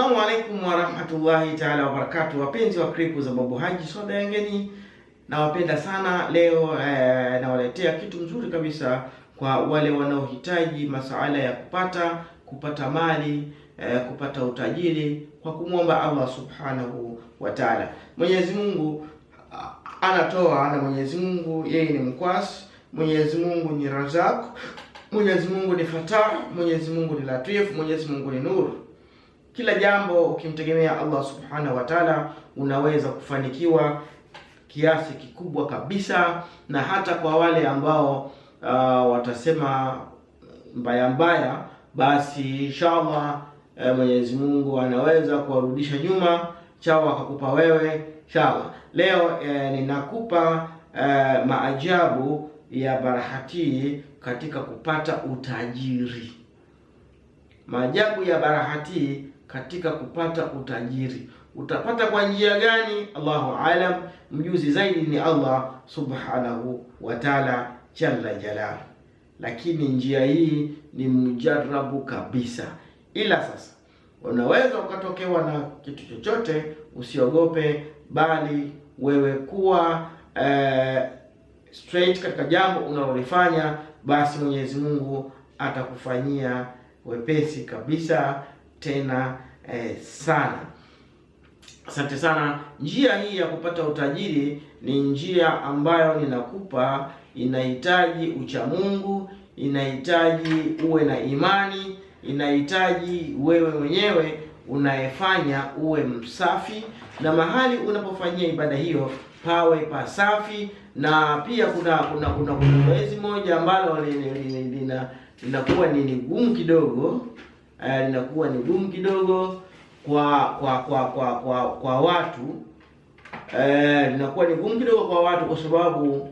Assalamu alaikum rahmatullahi taala wabarakatu, wapenzi wa kripu za Babu Haji soda yangeni, nawapenda sana leo. Eh, nawaletea kitu mzuri kabisa kwa wale wanaohitaji masuala ya kupata kupata mali eh, kupata utajiri kwa kumwomba Allah subhanahu wa taala. Mwenyezi Mungu ah, anatoa na Mwenyezi Mungu yeye ni mkwasi, Mwenyezi Mungu ni Razak, Mwenyezi Mungu ni Fatah, Mwenyezi Mungu ni Latif, Mwenyezi Mungu ni Nuru. Kila jambo ukimtegemea Allah subhanahu wa ta'ala, unaweza kufanikiwa kiasi kikubwa kabisa, na hata kwa wale ambao uh, watasema mbaya mbaya, basi inshallah uh, Mwenyezi Mungu anaweza kuwarudisha nyuma chao akakupa wewe inshallah. Leo uh, ninakupa uh, maajabu ya Barahati katika kupata utajiri, maajabu ya Barahati katika kupata utajiri. Utapata kwa njia gani? Allahu alam, mjuzi zaidi ni Allah subhanahu wa ta'ala jalla jalal. Lakini njia hii ni mjarabu kabisa, ila sasa unaweza ukatokewa na kitu chochote, usiogope, bali wewe kuwa eh, straight katika jambo unalolifanya, basi Mwenyezi Mungu atakufanyia wepesi kabisa tena eh, sana. Asante sana. Njia hii ya kupata utajiri ni njia ambayo ninakupa, inahitaji uchamungu, inahitaji uwe na imani, inahitaji wewe mwenyewe unayefanya uwe msafi, na mahali unapofanyia ibada hiyo pawe pasafi. Na pia kuna kuna kuna zoezi moja ambalo linakuwa ni gumu kidogo Eh, linakuwa ni gumu kidogo kwa kwa kwa kwa kwa, kwa watu uh, linakuwa ni gumu kidogo kwa watu kwa sababu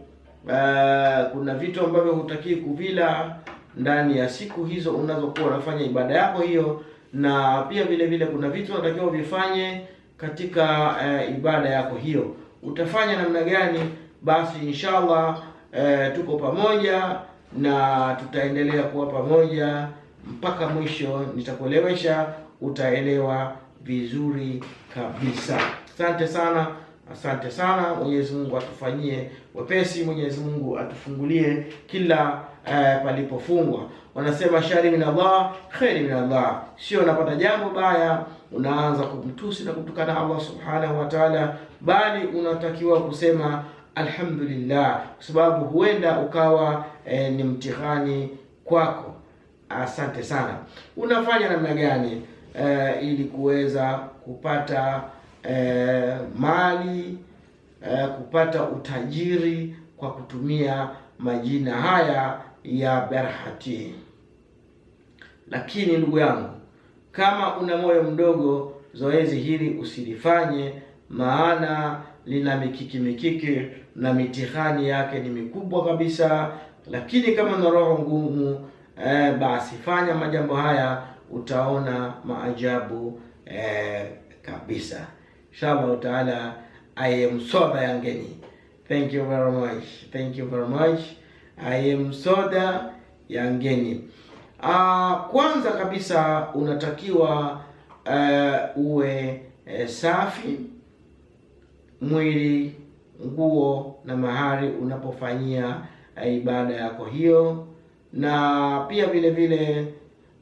eh, kuna vitu ambavyo hutakii kuvila ndani ya siku hizo unazokuwa unafanya ibada yako hiyo, na pia vile vile kuna vitu unatakiwa vifanye katika e, ibada yako hiyo. Utafanya namna gani? Basi inshallah e, tuko pamoja na tutaendelea kuwa pamoja mpaka mwisho, nitakuelewesha, utaelewa vizuri kabisa. Asante sana, asante sana. Mwenyezi Mungu atufanyie wepesi, Mwenyezi Mungu atufungulie kila eh, palipofungwa. Wanasema shari min Allah kheri min Allah, sio unapata jambo baya unaanza kumtusi na kumtukana Allah subhanahu wa taala, bali unatakiwa kusema alhamdulillah, kwa sababu huenda ukawa eh, ni mtihani kwako. Asante sana. Unafanya namna gani eh, ili kuweza kupata eh, mali eh, kupata utajiri kwa kutumia majina haya ya Berhati? Lakini ndugu yangu, kama una moyo mdogo, zoezi hili usilifanye, maana lina mikiki mikiki na mitihani yake ni mikubwa kabisa. Lakini kama una roho ngumu e, basi fanya majambo haya utaona maajabu e, kabisa inshallah taala. I am Soda Yangeni. Thank you very much. Thank you very much. I am Soda Yangeni. Ah, kwanza kabisa unatakiwa uh, uwe uh, safi mwili, nguo na mahali unapofanyia uh, ibada yako hiyo na pia vile vile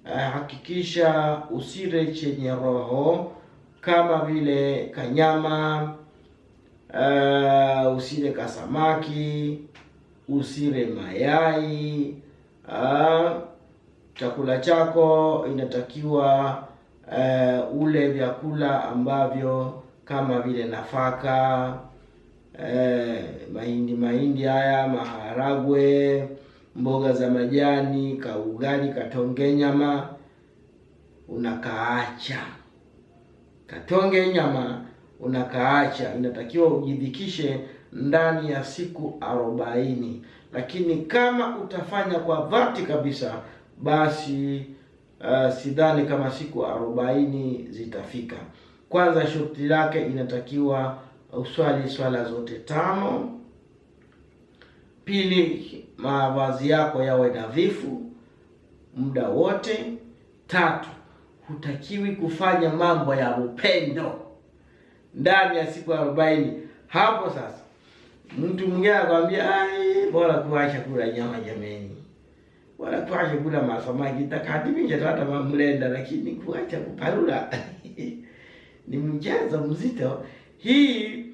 uh, hakikisha usile chenye roho kama vile kanyama uh, usile kasamaki, usile mayai uh, chakula chako inatakiwa uh, ule vyakula ambavyo kama vile nafaka uh, mahindi mahindi haya, maharagwe mboga za majani, kaugali, katonge nyama, unakaacha katonge nyama unakaacha. Inatakiwa ujidhikishe ndani ya siku arobaini, lakini kama utafanya kwa dhati kabisa, basi uh, sidhani kama siku arobaini zitafika. Kwanza, sharti lake inatakiwa uswali swala zote tano Pili, mavazi yako yawe nadhifu muda wote. Tatu, hutakiwi kufanya mambo ya upendo ndani ya siku arobaini. Hapo sasa mtu mwingine anakwambia ai, bora kuacha kula nyama jameni, bora kuacha kula masamaki takadiminjatata mamlenda, lakini kuacha kuparula ni mchezo mzito hii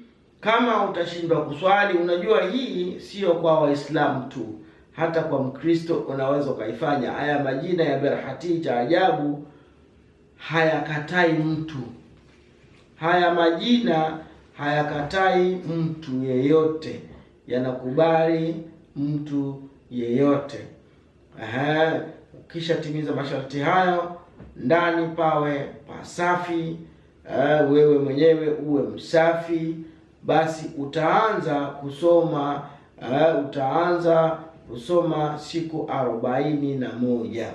kama utashindwa kuswali, unajua hii sio kwa Waislamu tu, hata kwa Mkristo unaweza ukaifanya. Haya majina ya berhati cha ajabu hayakatai mtu, haya majina hayakatai mtu yeyote, yanakubali mtu yeyote. Aha, ukishatimiza masharti hayo, ndani pawe pasafi, wewe mwenyewe uwe msafi basi utaanza kusoma uh, utaanza kusoma siku arobaini na moja.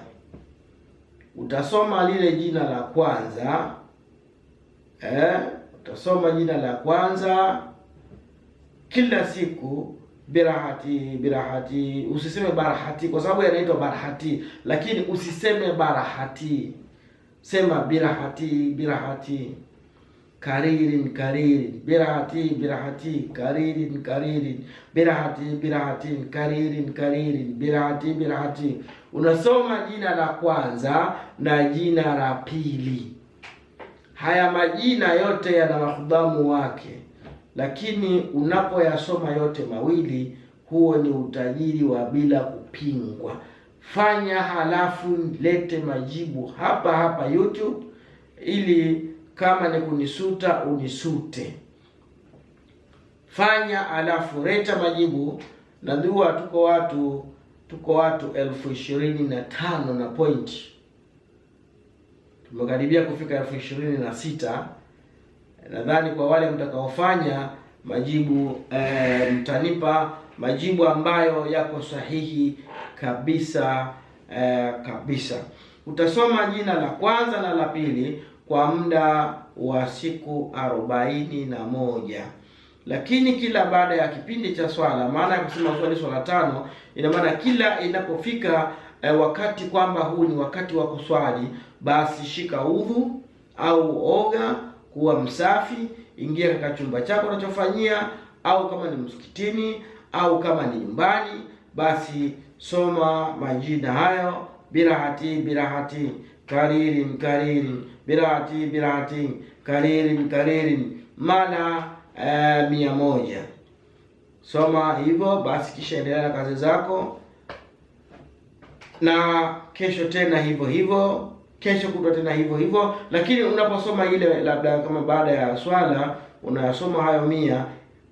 Utasoma lile jina la kwanza eh, utasoma jina la kwanza kila siku birahati birahati. Usiseme barahati kwa sababu yanaitwa barahati, lakini usiseme barahati, sema birahati birahati karirin karirin birahatin birahatin karirin karirin birahatin birahatin karirin karirin birahatin birahatin. Unasoma jina la kwanza na jina la pili. Haya majina yote yana makhudhamu wake, lakini unapoyasoma yote mawili, huo ni utajiri wa bila kupingwa. Fanya halafu lete majibu hapa hapa YouTube ili kama ni kunisuta unisute, fanya alafu leta majibu. Najua tuko watu tuko watu elfu ishirini na tano na point, tumekaribia kufika elfu ishirini na sita nadhani. Kwa wale mtakaofanya majibu eh, mtanipa majibu ambayo yako sahihi kabisa eh, kabisa. Utasoma jina la kwanza na la pili kwa muda wa siku arobaini na moja lakini kila baada ya kipindi cha swala. Maana ya kusema kuwa ni swala tano, ina maana kila inapofika e, wakati kwamba huu ni wakati wa kuswali, basi shika udhu au oga, kuwa msafi, ingia katika chumba chako unachofanyia, au kama ni msikitini au kama ni nyumbani, basi soma majina hayo bila hati bila hati karirin karirin birati birati karirin karirin mara eh, mia moja. Soma hivyo basi, kisha endelea na kazi zako, na kesho tena hivyo hivyo, kesho kutwa tena hivyo hivyo. Lakini unaposoma ile, labda kama baada ya swala unayasoma hayo mia,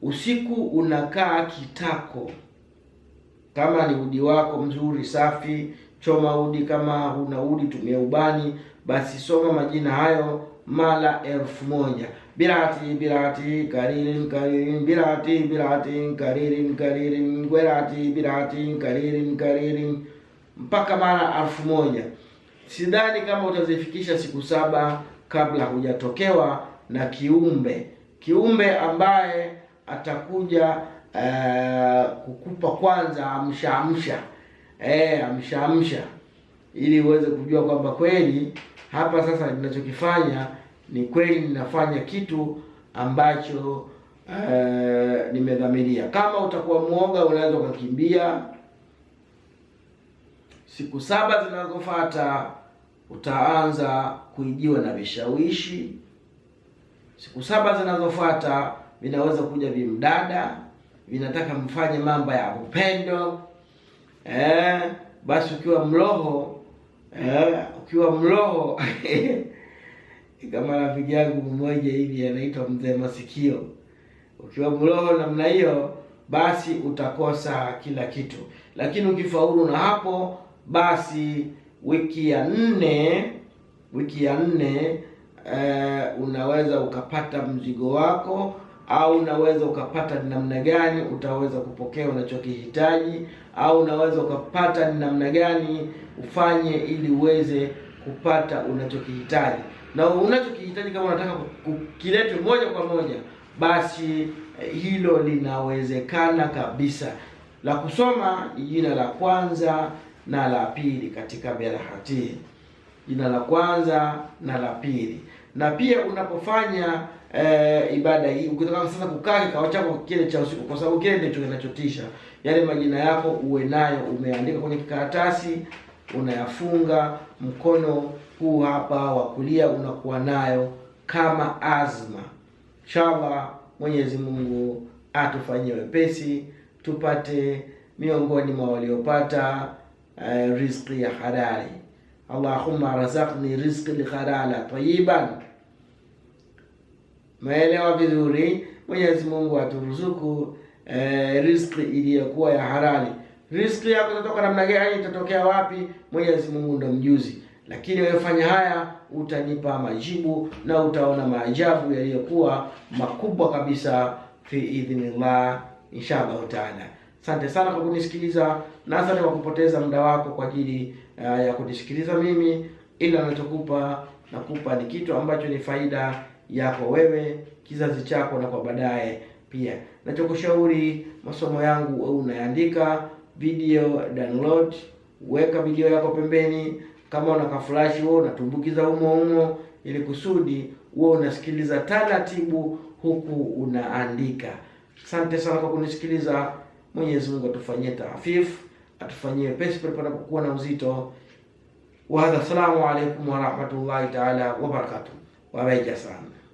usiku unakaa kitako, kama ni udi wako mzuri safi choma udi. Kama huna udi, tumia ubani. Basi soma majina hayo mara elfu moja birati birati karirin karirin birati birati karirin karirin gwerati birati karirin karirin mpaka mara elfu moja. Sidhani kama utazifikisha siku saba kabla hujatokewa na kiumbe kiumbe ambaye atakuja uh, kukupa kwanza amsha amsha eh, amsha amsha, ili uweze kujua kwamba kweli hapa sasa ninachokifanya ni kweli ninafanya kitu ambacho eh, nimedhamiria. Kama utakuwa mwoga, unaweza ukakimbia. Siku saba zinazofuata utaanza kuijiwa na vishawishi. Siku saba zinazofuata vinaweza kuja vimdada, vinataka mfanye mambo ya upendo eh, basi ukiwa mloho eh, ukiwa mloho kama rafiki yangu mmoja hivi anaitwa mzee masikio. Ukiwa mloho namna hiyo, basi utakosa kila kitu, lakini ukifaulu na hapo, basi wiki ya nne wiki ya nne eh, unaweza ukapata mzigo wako au unaweza ukapata ni namna gani utaweza kupokea unachokihitaji, au unaweza ukapata ni namna gani ufanye ili uweze kupata unachokihitaji. Na unachokihitaji kama unataka kiletwe moja kwa moja, basi eh, hilo linawezekana kabisa. La kusoma jina la kwanza na la pili katika berahatii, jina la kwanza na la pili na pia unapofanya eh, ibada hii ukitaka sasa kukaa kikao chako kile cha usiku, kwa sababu kile ndicho kinachotisha. Yale majina yako uwe nayo umeandika kwenye kikaratasi, unayafunga mkono huu hapa wa kulia, unakuwa nayo kama azma. Inshallah, Mwenyezi Mungu atufanyie wepesi, tupate miongoni mwa waliopata eh, riziki ya halali. Allahumma razaqni rizqi halala tayyiban umeelewa vizuri. Mwenyezi Mungu aturuzuku eh, riziki iliyokuwa ya halali. Riziki yako itatoka namna gani, itatokea wapi? Mwenyezi Mungu ndo mjuzi, lakini wefanya haya, utanipa majibu na utaona maajabu yaliyokuwa makubwa kabisa, fi idhnillah, inshallah taala. Asante sana kwa kunisikiliza na asante kwa kupoteza muda wako kwa ajili uh, ya kunisikiliza mimi, ila nachokupa nakupa ni kitu ambacho ni faida yako wewe, kizazi chako na kwa baadaye pia. Nachokushauri, masomo yangu wewe unaandika video download, weka video yako pembeni, kama una ka flash wewe unatumbukiza humo humo, ili kusudi wewe unasikiliza taratibu huku unaandika. Asante sana kwa kunisikiliza. Mwenyezi Mungu atufanyie taafifu, atufanyie pesi pale panapokuwa na uzito. Wa hadha, salamu alaykum wa rahmatullahi ta'ala wa barakatuh. La ya